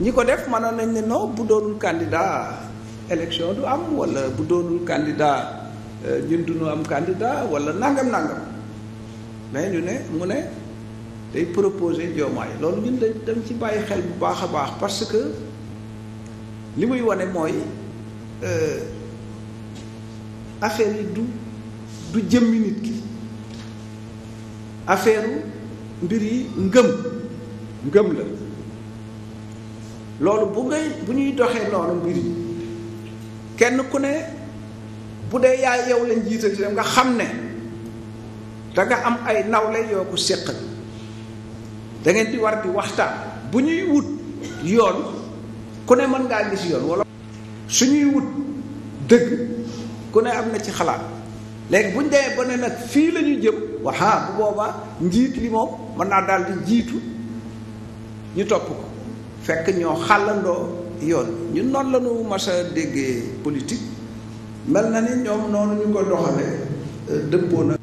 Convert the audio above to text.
ñi ko def mënoon nañ ne noo bu doonul candidat élection du am wala bu doonul candidat euh, ñun du ñu am candidat wala nangam nangam mais ñu ne mu ne day proposé Diomaye loolu ñun dañ dañ ci bàyyi xel bu baax a baax parce que li muy wane mooy euh, affaire yi du du jëmmi nit ki affaire mbir yi ngëm ngëm la. loolu bu ngay bu ñuy doxee noonu mbir kenn ku ne bu dee yaay yow lañ jiital ci dem nga xam ne danga am ay nawle yoo ko séqal da ngeen di war a di waxtaan bu ñuy wut yoon ku ne mën ngaa gis yoon wala su ñuy wut dëgg ku ne am na ci xalaat léegi buñ demee ba ne nag fii lañuy jëm waxaa bu boobaa njiit li moom mën naa daal di jiitu ñu topp ko fekk ñoo xàllandoo yoon ñun noonu la ñu déggee politique mel na ni ñoom noonu ñu ko doxale dëppoo na